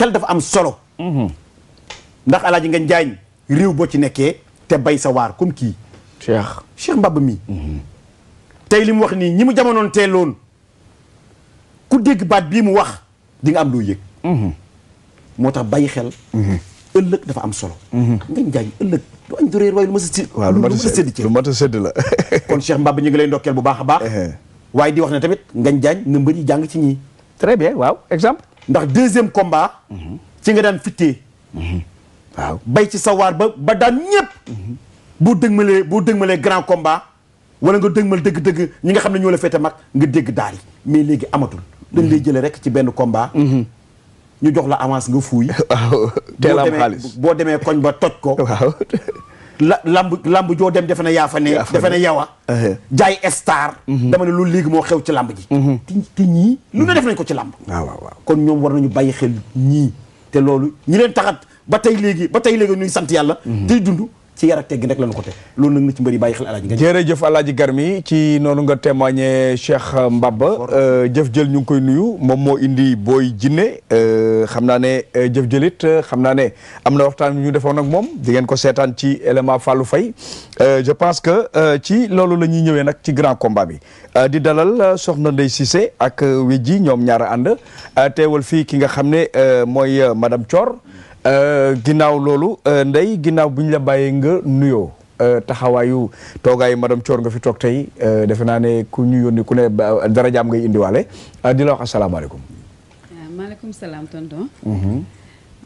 xel dafa am solo. ndax alaaji nga njaañ réew boo ci nekkee te bay sa waar comme kii. Cheikh Cheikh Mbaba mi. li mu wax nii ñi mu jamonoon teeloon ku dégg baat bii mu wax di nga am loo yëg. moo tax bàyyi xel. ëllëg dafa am solo. nga njaañ ëllëg du añ dureer waaye lu ma sa si. waaw lu ma sa ci lu ma sa la. kon Cheikh Mbaba ñu ngi lay ndokkeel bu baax a baax. Eh. waaye di wax ne tamit nga njaañ na mbër jàng ci ñii. ndax deuxième combat. ci nga daan fittee. waaw bay ci sawaar ba ba daan ñëpp. boo dëgmalee boo dëgmalee grand combat walla nga dëgmal dëgg-dëgg ñi nga xam ne ñoo la féete mag nga dégg daal mais léegi amatul. dañ lay jëlee rek ci benn combat. ñu jox la avance nga fuuy. waaw teel am xaalis boo demee koñ ba toj ko. la lamb lamb joo dem defe na yaa fa ne defe na yawa jaay star mhm. dama ne loolu léegi moo xew ci lamb ji mhm. te ñii lu ne def nañ ko ci lamb kon ñoom war nañu bàyyi xel ñii te loolu ñi leen taxat ba tey léegi ba tey léegi nuy sant yàlla mhm. tey dund ci yar ak teggin rek lañu ko teg loolu nag na ci mbëri bàyyi xel alaaji nga jërëjëf alaaji Garmi ci noonu nga témoigné Cheikh Mbaba euh, jëf jël ñu ngi koy nuyu moom moo indi booy jinne euh, xam naa ne euh, jëf jëlit xam naa ne am na waxtaan ñu defoon ak moom di ngeen ko seetaan ci élément Fallou Faye je pense que ci loolu la ñuy ñëwee nag ci grand combat bi di dalal soxna Ndeye Cissé ak Wedji ñoom ñaara ànd teewal fii ki nga xam ne mooy madame Thior Euh, ginnaaw loolu euh, Ndeye ginnaaw bu ñu la bàyyee nga nuyoo euh, taxawaayu toogaayu madame Thior nga fi toog tey defe naa ne ku ñu yónni ku ne dara jaam ngay indiwaale di wax asalaamaaleykum. maaleykum salaam tonton. Mhm.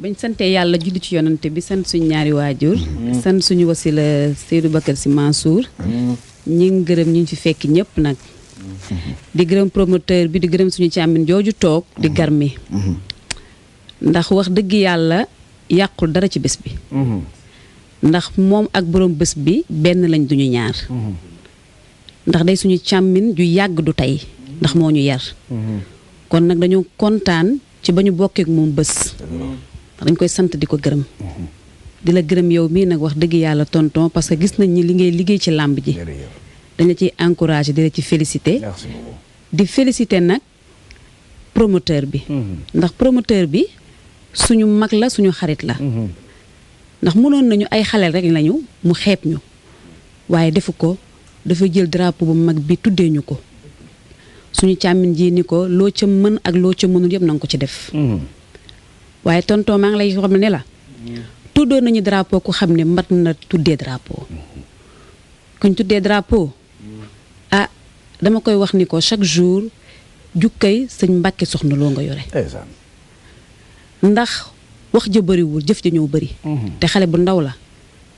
bañ sante yàlla julli ci yonante bi sant suñu ñaari waajur. Mhm. sant suñu wasila Seydou Bakar Sy Mansour. Mhm. ñi ngi gërëm ñu fekk ñëpp nag. di gërëm promoteur bi di gërëm suñu càmmin jooju toog di garmi ndax wax dëgg yàlla. yàqul dara ci bés bi mm-hmm. ndax moom ak borom bés bi benn lañ duñu ñaar mm-hmm. ndax day suñu càmmin ju yàgg du tey ndax moo ñu yar mm-hmm. kon nag dañu kontaan ci ba ñu bokkeek moom bés dañ koy sant di ko gërëm di la gërëm yow mii nag wax dëgg yàlla tonton parce que gis nañ ni li ngay liggéey ci làmb ji dañ la ciy encouragé di la ci félicité di félicité nag promoteur bi ndax promoteur bi suñu mag la suñu xarit la. Mhm. ndax mënoon nañu ay xaleel rek lañu mu xeeb ñu waaye defu ko dafa jël drapeau bu mag bi tuddee ñu ko suñu càmmin ji ni ko loo ca mën ak loo ca mënul yëpp na ko ci def. Mhm. waaye tonton maa ngi lay xam ne la. tuddoo nañu drapeau ku xam ne mbat na tuddee drapeau kuñ tuddee drapeau ah dama koy wax ni ko chaque jour jukkay sëñ Mbàkke soxna loo nga yore. ndax wax ja bëriwul jëf ja ñoo bëri. Mhm. te xale bu ndaw la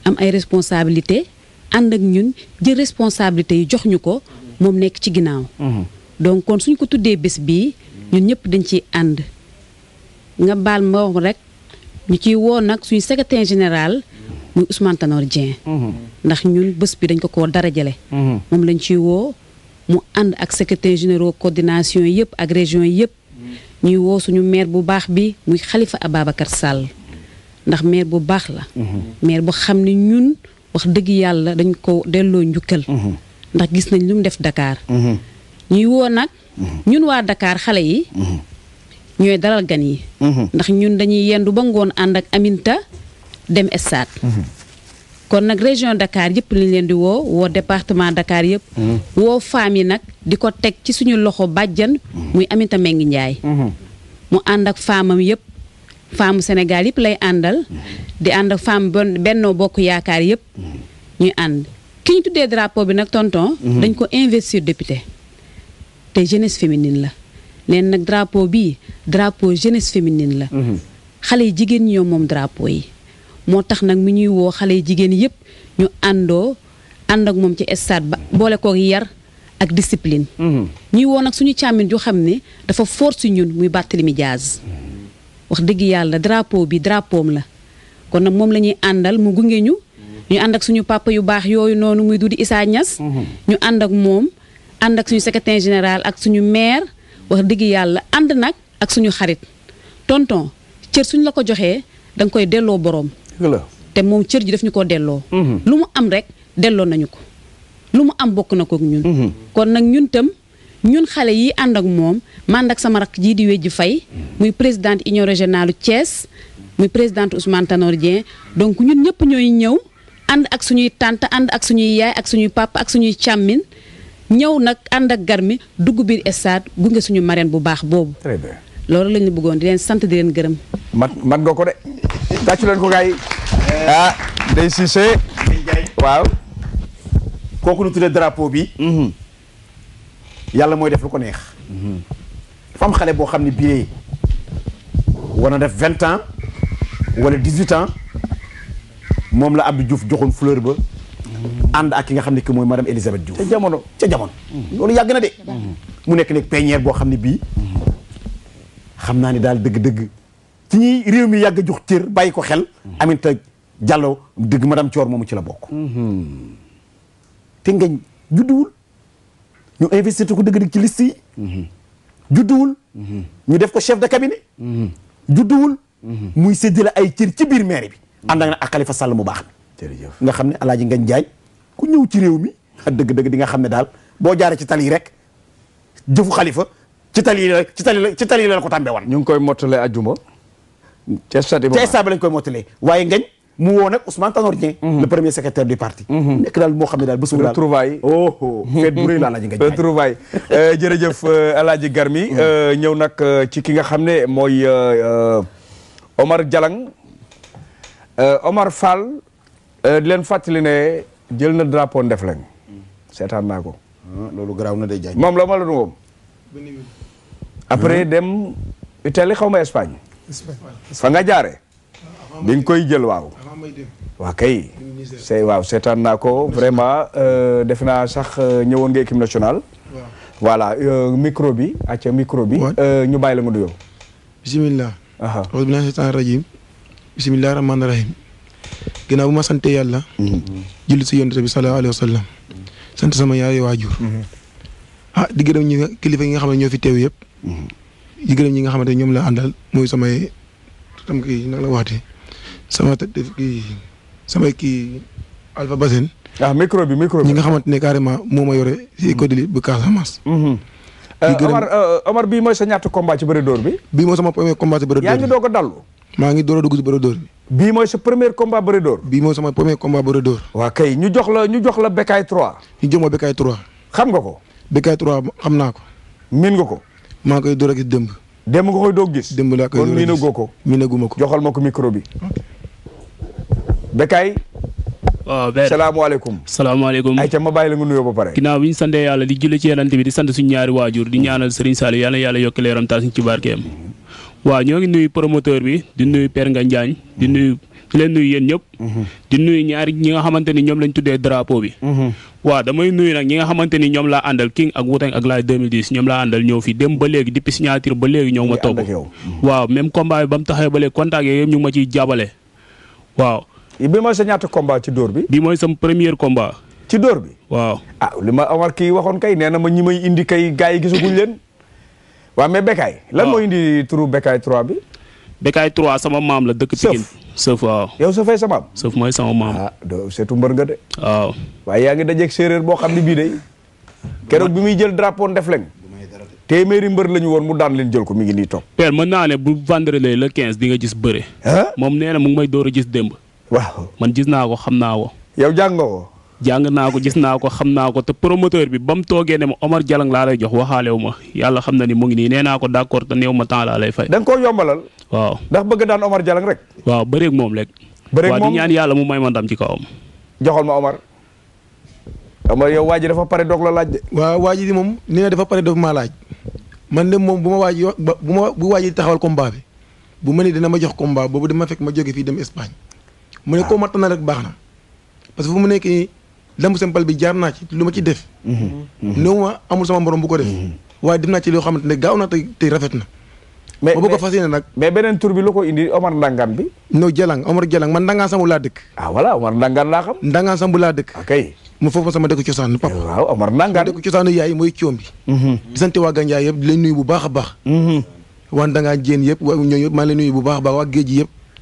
am ay responsabilité ànd ak ñun jël responsabilité yi jox ñu ko moom nekk ci ginnaaw. Mhm. donc kon suñ ko tuddee bés bii ñun ñëpp dañ ciy ànd nga baal ma rek ñu ciy woo nag suñu secrétaire général. muy Ousmane Tanor mhm. ndax ñun bés bi dañ ko ko darajale moom lañ ciy woo mu ànd ak secrétaire généraux coordination yëpp ak région yëpp ñuy woo suñu maire bu baax bi muy xalifa Khalifa Ababacar Sall ndax maire bu baax la. Mhm. maire bu xam ne ñun wax dëgg yàlla dañ ko delloo njukkal. Mhm. ndax gis nañ lu def Dakar. Mhm. ñuy woo nag ñun waa dakaar xale yi. ñooy dalal gan yi. ndax ñun dañuy yendu ba ngoon ànd ak Aminta dem stade. kon nag région Dakar yëpp lañ leen di woo woo département Dakar yëpp. Mm-hmm. woo femmes yi nag di ko teg ci suñu loxo bàjjan. Mm-hmm. muy Aminata Mbengue Ndiaye. Mm-hmm. mu ànd ak femmes yëpp. femmes Sénégal yëpp lay àndal. di ànd ak femme Benno Bokk Yaakaar yëpp. ñuy ànd ki ñu tuddee drapeau bi nag tonton. dañ ko investir député. te jeunesse féminine la. leen nag drapeau bii drapeau jeunesse féminine la. xale yi jigéen ñi moom drapeau yi. moo tax nag mi ñuy woo xale jigéen yëpp ñu àndoo ànd ak moom ci stade ba boole koog yar ak disipline mhm. ñuy woo nag suñu càmmin ju xam ne dafa force ñun muy Barthélemy Diaz wax dëgg yàlla drapo bi drapeau la kon nag moom la ñuy àndal mu gunge ñu. ñu ànd ak suñu papa yu baax yooyu noonu muy Doudou Issa Niass. Mhm. ñu ànd ak moom ànd ak suñu secrétaire général ak suñu maire wax dëgg yàlla ànd nag ak suñu xarit tonton cër suñ la ko joxee danga koy delloo boroom. te moom cër ji daf ñu koo delloo. Mhm. lu mu am rek delloo nañu ko lu mu am bokk na ko ñun. Mhm. kon nag ñun tam ñun xale yi ànd ak moom mànd ak sama rakk jii di wéjji fay muy présidente union régionale cees muy présidente Ousmane Tanor Dieng donc ñun ñëpp ñooy ñëw ànd ak suñuy tànt ànd ak suñuy yaay ak suñuy papa ak suñuy càmmin ñëw nag ànd ak garmi mi dugg biir stade gunge suñu marraine bu baax boobu. très bien loolu la ñu bëggoon di leen sant di leen gërëm. mat tàccu leen ko gars yi ah Ndeye Cissé waaw kooku nu tuddee drapeau bi mhm. yàlla mooy def lu ko neex mhm. dafa am xale boo xam ne bii war na def vingt ans wala dix huit ans moom la Abdou Diouf joxoon fleur ba mhm. ànd ak ki nga xam ne ki mooy madame Elisabeth Diouf ca jamono ca jamono loolu yàgg na de mu nekk nag peñeer boo xam ne bii xam naa ne daal dëgg-dëgg ci réew mi yàgg a jox cër bàyyi ko xel mhm. Aminata Diallo dëgg madame Thior moom ci la bokk mhm. te ngañ judduwul ñu investir ko dëgg-dëgg ci liste yi mhm. judduwul ñu def ko chef de cabinet judduwul muy séddale ay cër ci biir maire bi ne ak Khalifa Sall mu baax jërëjëf nga xam ne ji ngañ jaay ku ñëw ci réew mi ak dëgg-dëgg di nga xam ne daal boo jaaree ci tali yi rek jëfu Khalifa ci tali yi la ci tali ci tali yi la ko tàmbee wan ñu ngi koy mottale ajuma ca stade ba lañ koy mottalee waaye ngañ mu woo nag Ousmane Tanor Dieng mhm. le premier secrétaire du parti mhm. nekk daal moo xam ne daal bésu daal retrouvailles oh oh fête bu rëy la alaaji ngañ retrouvailles euh, jërëjëf euh, alaaji Garmi mhm. euh, ñëw nag ci ki nga xam ne mooy Omar Jalang Omar Fall leen fàttali ne jël na drapeau Ndefleng seetaan naa ko ah, loolu garaaw na day jaay moom la ma la du après dem Italie xaw ma Espagne fa nga jaare bi koy jël waaw waa kay c'est waaw seetaan naa ko vraiment euh, def naa sax euh, ñëwoon nga équipe nationale voilà euh, micro bi acca micro bi ñu bàyyi la nga nuyoo bisimilah aouzu billahi seetaan rajim bisimilah rahmaan rahim ginnaaw sante yàlla mhm. julli si yonent bi sallallahu alayhi wa sallam sant sama yaari waajur mhm. ah di gërëm ñu kilifa yi nga xam ne ñoo fi teew yëpp mhm. di gërëm ñi nga xamante ñoom la àndal muy samay tam kii nag la waxati sama def kii samay kii Alpha Bassène. ah micro bi micro bi. ñi nga xamante ne carrément moo ma yore. si école bu Casamance. Mm-hmm. di eh, gërëm Omar eh, Omar bii mooy sa ñaata combat ci bëri dóor bi. bii mooy sama premier combat ci bëri dóor bi yaa ngi doog a dallu. maa ngi door a dugg ci bëri dóor bi. bii mooy sa premier combat bëri dóor. bii mooy sama premier combat bëri dóor. waa kay ñu jox la ñu jox la Bécaye 3. ñu jox ma Bécaye 3. xam nga ko. Bécaye 3 xam naa ko. miin nga ko. maa koy door a gis démb. nga koy doog gis. démb laa koy door a gis kon miinagoo ko. miinaguma ko joxal ma ko micro bi. Bécaye. waaw benn salaamaaleykum. salaamaaleykum ayca ma bàyyi la nga nuyoo ba pare. ginnaaw bi ñu santee yàlla di julli ci yonent bi di sant suñu ñaari waajur di ñaanal Serigne Saliou yàlla yàlla yokk leeram taal ci ci barkeem. waa ñoo ngi nuyu promoteur bi di nuyu Père Ngagne di nuyu. di leen nuyu yéen ñëpp. Mm-hmm. di nuyu ñaari ñi nga xamante ni ñoom lañ tuddee drapeau bi. Mm-hmm. waaw damay nuyu nag ñi nga xamante ni ñoom laa àndal King ak Wu Tang ak Laye 2010 ñoom laa àndal ñëw fii dem ba léegi depuis signature ba léegi ñoo ma topp. Mm-hmm. waaw même combat bi ba mu taxawee ba léegi contact yooyu yëpp ñu ngi ma ciy jàppale waaw. bi mooy sa ñaata combat ci dóor bi. bi mooy sama premier combat. ci dóor bi. waaw ah li ma Omar kii waxoon kay nee na ma ñi may indi kay gars yi gisaguñ leen. waaw mais Bécaye lan indi turu Bécaye 3 bi. Bécaye 3 sama maam la dëkk Pikine sëf waaw yow sëfay sa maam sëf mooy sama maam ah doo seetu mbër nga de waaw waaye yaa ngi dajeeg séeréer boo xam ne bii de keroog bi muy jël drapeau Ndefleng téeméeri mbër la ñu woon mu daan leen jël ko mi ngi nii toog père mën naa ne bu vendredi le quinze di nga gis bëre moom nee na mu ngi may door a gis démb waaw man gis naa ko xam naa ko yow jàng nga ko jàng naa ko gis naa ko xam naa ko te promoteur bi ba mu toogee ne ma Omar Jalang laa lay jox waxaale wu ma yàlla xam na ni mu ngi nii nee naa ko d'accord te néew ma temps laa lay fay. da nga koo yombalal. waaw ndax bëgg daan Omar Jalang rek. waaw bëreeg moom rek. bëreeg moom di ñaan yàlla mu may ma ndam ci kawam. joxal ma Omar. Omar yow waa ji dafa pare doog la laaj waaw waa ji di moom nee dafa pare doog maa laaj man de moom bu ma waaj bu ma bu waaj taxawal komba bi bu ma ne dina ma jox combat boobu dama fekk ma jóge fii dem Espagne mu ne koo ah. matt na rek baax na lamb simple bi jaar naa ci lu ma ci def. Mm-hmm. néew ma sama morom bu ko def. Mm-hmm. waaye dem naa ci loo xamante ne gaaw na te te rafet na. ma bëgg a fas yéene nag. mais beneen tur bi lu ko indi Omar Ndangan bi. non Jalang Omar Jalang man Ndangan Samb laa dëkk. ah voilà Omar Ndangan laa xam. Ndangan Samb laa dëkk. ok mu foofu sama dëkk cosaanu papa. waaw Omar Ndangan dëkk cosaanu yaay mooy coom bi. di mm-hmm. sant waa Gandiaye yëpp di leen nuyu bu baax a baax. waa Ndangan Diène yëpp waa ñooñu yëpp maa ngi leen nuyu bu baax a baax waa géej yëpp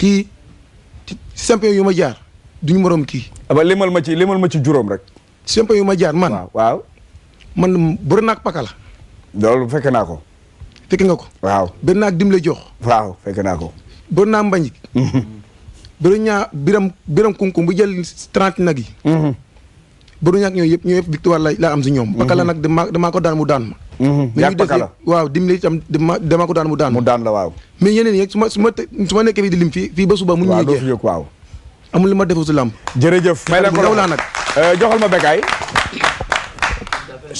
kii ci champion yu ma jaar duñu moroom kii. aba ah limal ma ci limal ma ci juróom rek. champion yu ma jaar man. waaw waaw. man bëri naag paka la. loolu fekk naa ko. fekk nga ko. waaw bëri naag dimle jox. waaw fekk naa ko. bëri naa mbañik. Mhm. bëri ñaa biram biram kunkum bu jël trente nag yi. Mhm. bëri ñaak ñooyu yëpp ñooyu yëpp victoire la am si ñoom. Mhm. paka la nag damaa damaa ko daan mu daan ma. Mhm. yaa ngi waaw dimbali itam dama ko daan mu daan. mu daan la waaw. mais yeneen yi su ma su ma su ma nekkee fii di lim fii ba suba. mu ñu jeex amul li ma defoo si làmb. jërëjëf may la ko yow laa nag. Euh, joxal ma bekkaay.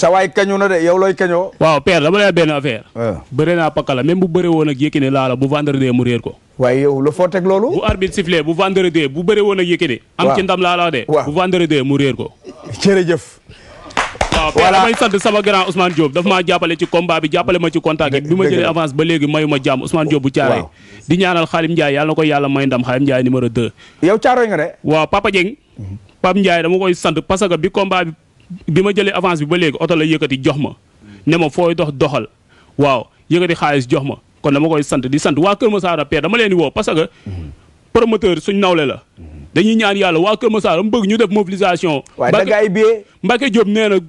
sa waay na de yow looy kañoo. waaw père dama lay benn affaire. Euh. bëre naa pakala même bu bëree woon ak Yékini laa la bu vendredi mu réer ko. waaye yow la foo teg loolu. bu arbitre sifflé bu vendredi bu bëree woon ak Yékini. am ci ndam laa la de. bu vendredi mu réer ko. jërëjëf waaw voilà damay sant sama grand Ousmane Diop daf maa jàppale ci combat bi jàppale ma ci contact bi ma jëlee avance ba léegi mayu ma jàmm Ousmane Diop bu caaree di ñaanal Xaalim Ndiaye yàlla na ko yàlla may ndam Xaalim ma jëlee avance ma ne ma fooy dox doxal waaw xaalis jox ma kon dama koy sant di sant waa Kër Masara Père dama leen la dañuy ñaan yàlla waa Kër Masara mu bëgg ñu def mobilisation. waaye da ngay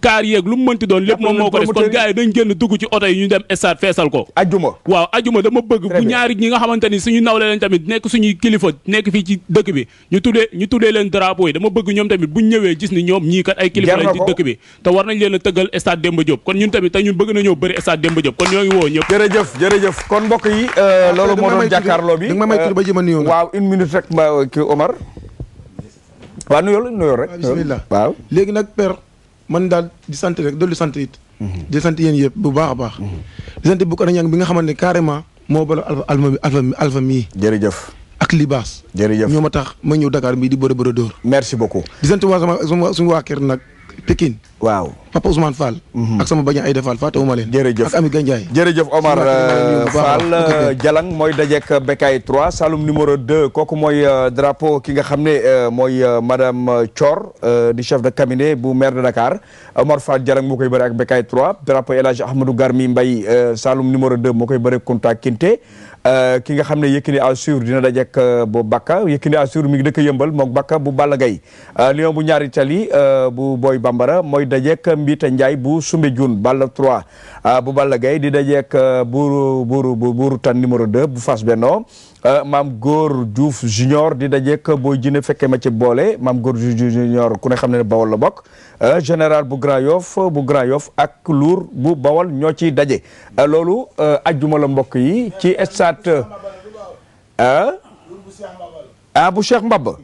kaar yeeg lu mu mënti doon lépp moom moo ko def kon gars yi dañ génn dugg ci oto yi ñu dem stade feesal ko ajuma waaw ajuma dama bëgg bu ñaari ñi nga xamante ni suñu nawle leen tamit nekk suñuy kilifa nekk fii ci dëkk bi ñu tuddee ñu tuddee leen drapeau yi dama bëgg ñoom tamit buñ ñëwee gis ni ñoom ñii kat ay kilifa lañ ci dëkk bi te war nañ leen a tëggal stade Demba Diop kon ñu tamit te ñu bëgg nañoo bëri stade Demba Diop kon ñoo ngi woo ñëpp jërëjëf jërëjë kon mbokk yi euh, loolu moo doon jàkkaarloo bi waaw une minute rek mbaa euh, kii Omar waaw nuyoo la nuyoo rek waaw léegi nag man daal di sant rek dolli sant it. Mhm. di sant yéen yëpp bu baax a baax. Mhm. di sant bu ko ñang bi nga xamante ne carrément moo bala alfa alfa alfa mii. jërëjëf. ak libaas. jërëjëf ñoo ma tax ma ñëw Dakar mii di bëre bëre dóor. merci beaucoup. sant waa sama suñu waa kër nag. Pikine waaw Papa Ousmane Fall. Mhm. ak sama bañ ay defal fàttewuma leen. jërëjëf ak Ami Gandiaye. jërëjëf Omar euh, Fall euh, Jalang mooy dajeek euh, Bekay 3 Saloum numéro 2 kooku mooy drapeau ki nga xam ne mooy madame Thior di chef de cabinet bu maire de Dakar Omar Fall Jalang moo koy bëri ak Bekay 3 drapeau El Hadj Ahmadou Garmi Mbaye Saloum numéro 2 moo koy bëri Kunta Kinte. Euh, ki nga xam ne Yékini à suivre dina dajek euh, bu Bakka Yékini à suivre mi ngi dëkk yëmbal mook Bakka bu Balla Gaye euh, lion bu ñaari tali bu booy Bambara mooy dajek Mbita Ndiaye bu Soumbédioune Balla 3 Ah, bu Balla Gaye di dajeek ah, buuru buuru buuru tan numéro 2 bu Fass Benno ah, maam góor Diouf junior di dajeek booy jine fekkee ma ci boole maam góor Diouf junior ku ne xam ne ne Bawol la bokk général bu Grand Yoff bu Grand Yoff ak Lour bu Bawol ñoo ciy daje loolu ajjuma la mbokk yi ci stade bu Cheikh Mbaba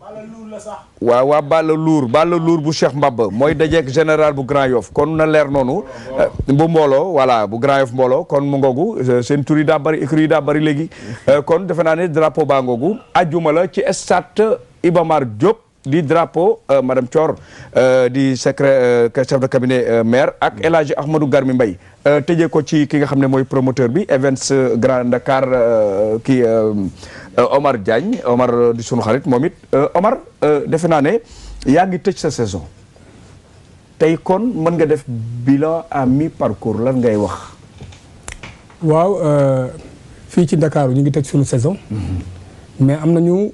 waaw waa Balla Lour Balla luur bu Cheikh Mbaba mooy dajeek général bu Grand Yoff kon na leer noonu eh, bu mbooloo voilà bu Grand Yoff mbooloo kon mu ngoogu eh, seen tur yi daa bari léegi eh, kon defe naa ne drapeau baa ngoogu ajjuma la ci stade Iba Mar di drapeau madame Thior di secret chef de cabinet maire ak El Hadji Ahmadou Garmi Mbaye tëjee ko ci ki nga xam ne mooy promoteur bi Events Grand Dakar kii Euh, Omar Diagne Omar euh, di sunu xarit moom it euh, Omar defe naa ne yaa ngi tëj sa saison tey kon mën nga def bilan a mi parcours lan ngay wax. waaw fii ci Dakar ñu ngi tëj suñu saison. Mm-hmm. mais am nañu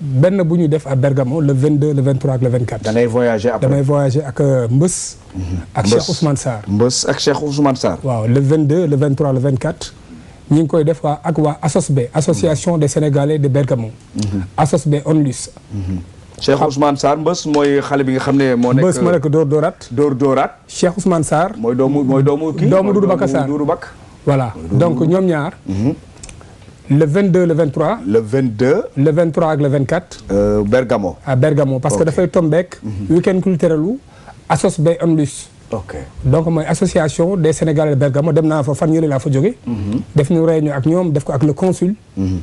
benn bu ñu def à Bergamo le 22 le 23 ak le 24. da ngay voyager après ak Mbës. Mm-hmm. ak Cheikh Ousmane Sarr Mbës ak Cheikh Ousmane Sarr. waaw le 22 le 23 le 24. ñi ngi koy def waa ak waa ASOSB association des sénégalais de Bergamo mhm. ASOSB ONLUS mhm. Cheikh Ousmane Sarr Mbës mooy xale bi nga xam ne moo nekk Mbës moo nekk Dóor Dóoraat Dóor Dóoraat Cheikh Ousmane Sarr mooy doomu mooy doomu kii doomu Doudou Baka Sarr Doudou voilà donc ñoom ñaar mhm. le 22 le 23 le 22 le 23 ak le 24 euh, Bergamo à Bergamo parce que dafay tombek week-end culturel u ASOSB ONLUS ok donc mooy association des sénégalais de Bergamo dem naa fa fan yële laa fa jóge mhm. def ñu réunion ak ñoom def ko ak le consul. Mhm.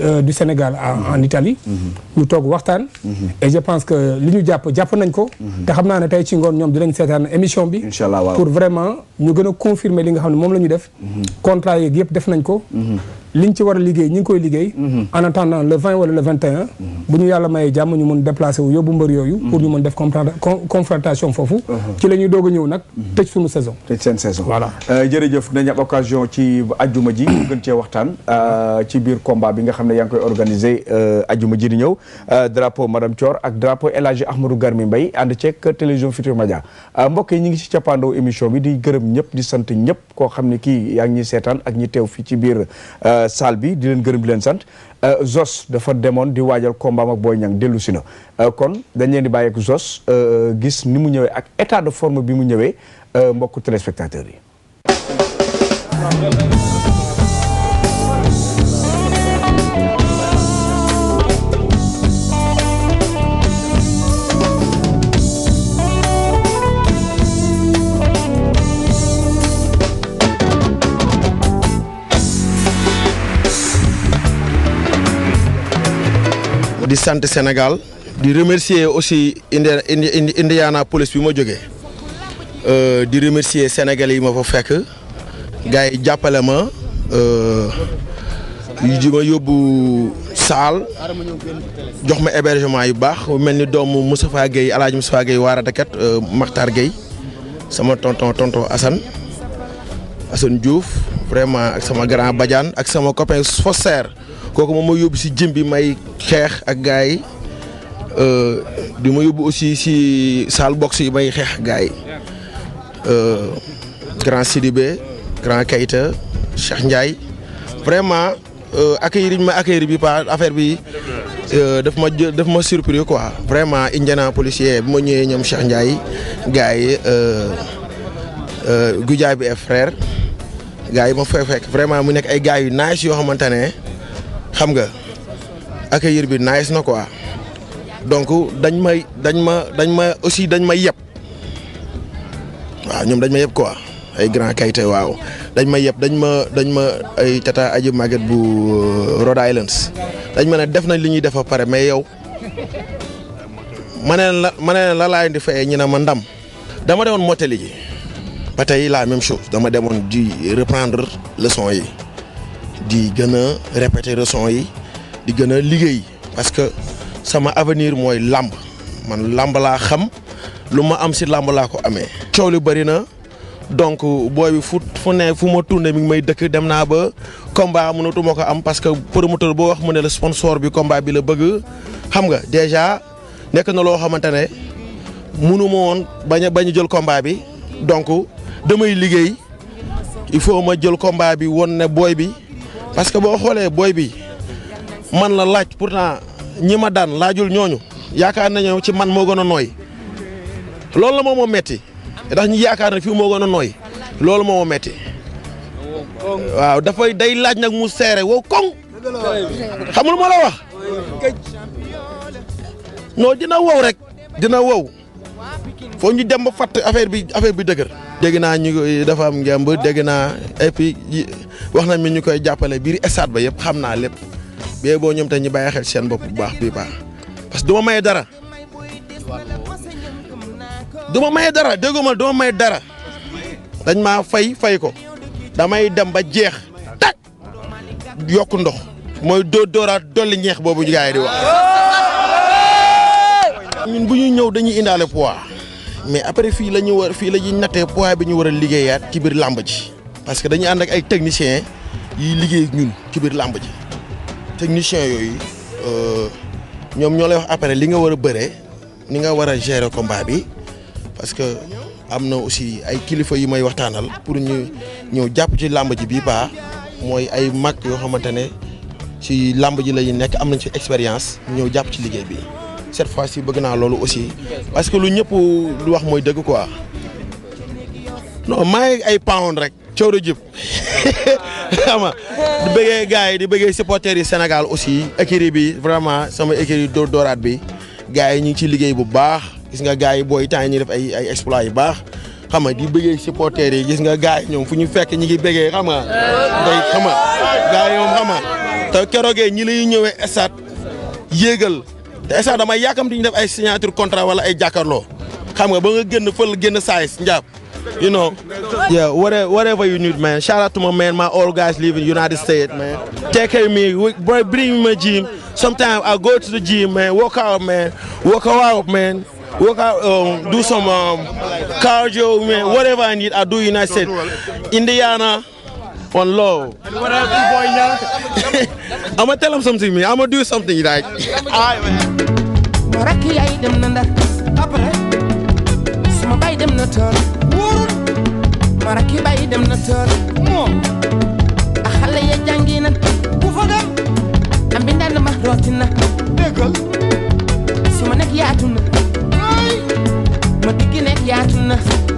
Euh, du Sénégal en mhm. Italie. ñu toog waxtaan. et je pense que li ñu jàpp jàpp nañ ko. te xam naa ne tey ci ngoon ñoom dinañ seetaan émission bi. pour vraiment ñu gën a confirmer li nga xam ne moom lañu def. contrat yeeg yëpp def nañ ko. li liñ ci war a liggéey ñi ngi koy liggéey mhm. en attendant le 20 wala le 21 mhm. bu ñu yàlla mayee jàmm ñu mun déplacé wu yóbbu mbër yooyu pour ñu mhm. mun def confrontation foofu uh-huh. ci la ñuy doog a ñëw nag tëj suñu saison tëj seen saison voilà euh, jërëjëf na am occasion ci ajuma ji gën cee waxtaan euh, ci biir combat bi nga xam ne yaa ngi koy organisé euh, ajuma ji di ñëw drapeau madame Thior ak drapeau El Hadji Ahmadou Garmi Mbaye ànd ceeg télévision Futur Media mbokk yi ñi ngi ci cappaandaw émission bi di gërëm ñëpp di sant ñëpp koo xam ne yaa ngi ñuy ak ñi teew fii ci biir salle bi di leen gërëm di leen sant euh, Zos dafa demoon di waajal kombaam booy Boy Niang dellu si na euh, kon dañ leen di bàyyi ak Zos euh, gis ni mu ñëwee ak état de forme bi mu ñëwee mbokku téléspectateurs yi. di sant Sénégal di remercier aussi Indi Indi Indiana police bi ma jógee euh, di remercier Sénégalais yi ma fa fekk gars jàppale ma euh, di ma yóbbu saal jox ma hébergement yu baax mel ni doomu Moustapha Guèye El Hadj Moustapha Guèye waaratakat euh, Makhtar Guèye sama tonto tonto Assane Assane Diouf vraiment ak sama grand Badiane ak sama copain Fosser. kooku moom ma yóbbu si jëm bi may xeex ak gars yi euh, di ma yóbbu aussi si salle boxe yi may xeex ak gars yi euh, grand Sidibé grand Keita Cheikh Ndiaye vraiment euh, accueil yi ñu ma accueil bi par affaire bi daf ma jë daf ma surpris quoi vraiment Indiana policier bi ma ñëwee ñoom Cheikh Ndiaye gars yi Goudiaby bi et frère gars yi ma fay fekk vraiment mu nekk ay gars yu nice yoo xamante ne. xam nga accueillir bi nice na quoi donc dañ may dañ ma dañ ma aussi dañ may yeb waaw ñoom dañ ma yeb quoi ay grand kayité waaw dañ ma yeb dañ ma dañ ma ay tata aji màgget bu euh, Rhode Islands dañ ma ne def nañ li ñuy def ba pare mais yow ma ne la ma ne la laay di fay ñu ne ma ndam. dama demoon motali ji ba tey la même chose dama demoon ji reprendre leçon yi. di gën a répéter leçon yi di gën a liggéey parce que sama avenir mooy làmb man làmb laa xam lu ma am si làmb laa ko amee. coow li bëri na donc booy bi fu fu ne fu ma tourné mi ngi may dëkk dem naa ba combat mënatu ma ko am parce que promoteur boo wax mu ne la sponsor bi combat bi la bëgg xam nga déjà nekk na loo xamante ne mënu woon bañ a bañ jël combat bi donc damay liggéey il faut ma jël combat bi woon ne booy bi. parce que boo xoolee booy bi man la laaj pourtant ñi ma daan laajul ñooñu yaakaar nañu ci man moo gën a nooy loolu la moom metti ndax ñu yaakaar na fi moo gën a nooy loolu moo metti waaw dafay day laaj nag mu seere wow koŋ xamul ma la wax noo dina wow rek dina wow foo ñu dem ba fàtt affaire bi affaire bi dëgër dégg naa ñu dafa am ngemb dégg naa et puis wax nañ mi ñu koy jàppale biir stade ba yëpp xam naa lépp bee boo ñoom te ñi bàyyi xel seen bopp bu baax bii baax parce que du ma dara du ma dara déggu ma du ma dara dañ maa fay fay ko damay dem ba jeex tak yokk ndox mooy dóor dooraat dolli ñeex boobu gars yi di wax. ñun bu ñuy ñëw dañuy indaale poids mais après fii la ñu war fii la ñuy nattee poids bi ñu war a liggéeyaat ci biir làmb ji. parce que dañuy ànd ak ay techniciens yiy liggéey ak ñun ci biir làmb ji techniciens yooyu euh, ñoom ñoo lay wax après li nga war a bëree ni nga war a gérer combat bi parce que am na aussi ay kilifa yu may waxtaanal pour ñu ñëw jàpp ci làmb ji bii baax mooy ay mag yoo xamante ne ci làmb ji la ñu nekk am nañ ci expérience ñëw jàpp ci liggéey bi cet fois si bëgg naa loolu aussi parce que lu ñëpp lu wax mooy dëgg quoi non maa ngi ay pound rek. coow de jib xam nga di bëggee gars yi di bëggee supporters yi Sénégal aussi écurie bi vraiment sama écurie dóor dooraat bi gars yi ñu ngi ciy liggéey bu baax gis nga gars yi booy temps yi ñuy def ay ay exploit yu baax xam nga di bëggee supporters yi gis nga gars ñoom fu ñu fekk ñi ngi bëggee xam nga day xam te keroogee ñi lay ñëwee estat yéegal te estat damay yàkkamti ñu def ay signature contrat wala ay jàkkaarloo xam nga ba nga génn fël génn saayis njaab you know, yeah, whatever, whatever you need, man. Shout out to my man, my old guys living United States, man. Take care of me, boy. Bring me my gym. Sometimes I go to the gym, man. Work out, man. Work out, man. Work out, um, do some um, cardio, man. Whatever I need, I do United States, Indiana. On low. I'm gonna tell him something, man. I'm gonna do something like. Alright, man. ma rakki bay dem na tool moom a xale ya jàngi bu fa am bi ndànd ma rooti na ma nekk yaatu na ma diggi nekk yaatu na